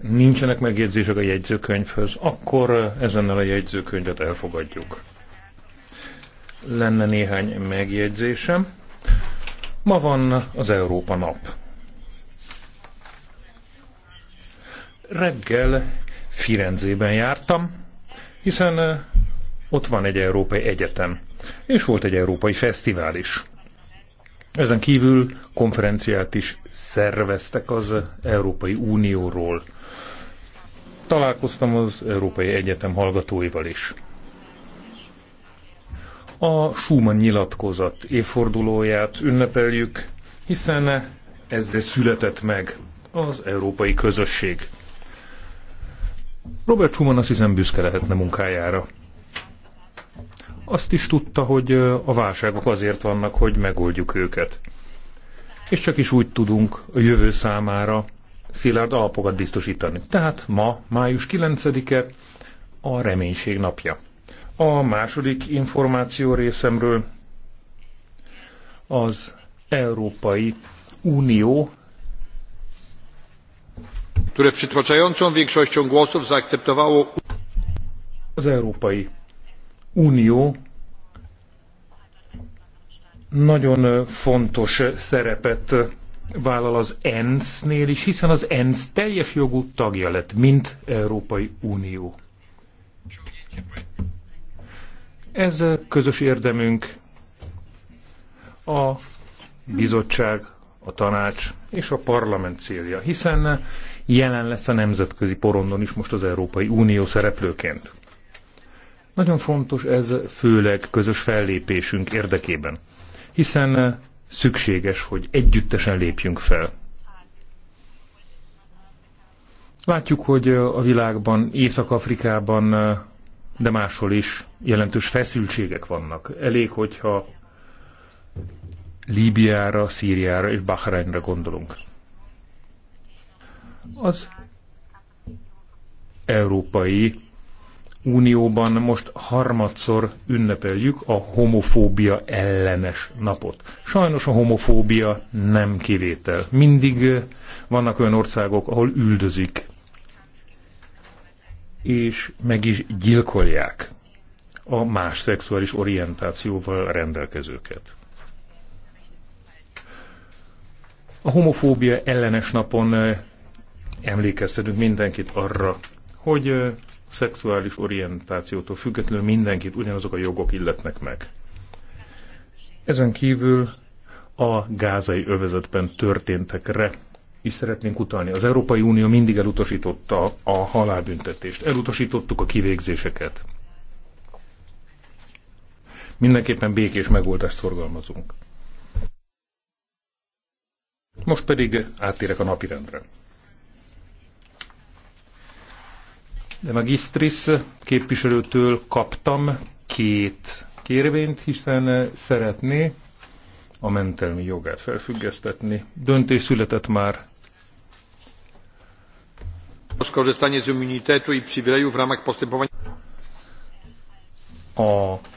Nincsenek megjegyzések a jegyzőkönyvhöz, akkor ezennel a jegyzőkönyvet elfogadjuk. Lenne néhány megjegyzésem. Ma van az Európa nap. Reggel Firenzében jártam, hiszen eh, ott van egy európai egyetem, és volt egy európai fesztivál is. Ezen kívül konferenciát is szerveztek az Európai Unióról. Találkoztam az Európai Egyetem hallgatóival is. A Schumann nyilatkozat évfordulóját ünnepeljük, hiszen ezzel született meg az európai közösség. Robert Schumann azt hiszem büszke lehetne munkájára azt is tudta, hogy a válságok azért vannak, hogy megoldjuk őket. És csak is úgy tudunk a jövő számára szilárd alapokat biztosítani. Tehát ma, május 9-e, a reménység napja. A második információ részemről az Európai Unió które przytłaczającą większością głosów zaakceptowało az Európai Unió nagyon fontos szerepet vállal az ENSZ-nél is, hiszen az ENSZ teljes jogú tagja lett, mint Európai Unió. Ez közös érdemünk a bizottság, a tanács és a parlament célja, hiszen jelen lesz a nemzetközi porondon is most az Európai Unió szereplőként. Nagyon fontos ez főleg közös fellépésünk érdekében, hiszen szükséges, hogy együttesen lépjünk fel. Látjuk, hogy a világban, Észak-Afrikában, de máshol is jelentős feszültségek vannak. Elég, hogyha Líbiára, Szíriára és Bahreinre gondolunk. Az európai Unióban most harmadszor ünnepeljük a homofóbia ellenes napot. Sajnos a homofóbia nem kivétel. Mindig vannak olyan országok, ahol üldözik, és meg is gyilkolják a más szexuális orientációval rendelkezőket. A homofóbia ellenes napon emlékeztetünk mindenkit arra, hogy szexuális orientációtól függetlenül mindenkit ugyanazok a jogok illetnek meg. Ezen kívül a gázai övezetben történtekre is szeretnénk utalni. Az Európai Unió mindig elutasította a halálbüntetést, elutasítottuk a kivégzéseket. Mindenképpen békés megoldást szorgalmazunk. Most pedig áttérek a napirendre. de Magistris képviselőtől kaptam két kérvényt, hiszen szeretné a mentelmi jogát felfüggesztetni. Döntés született már. A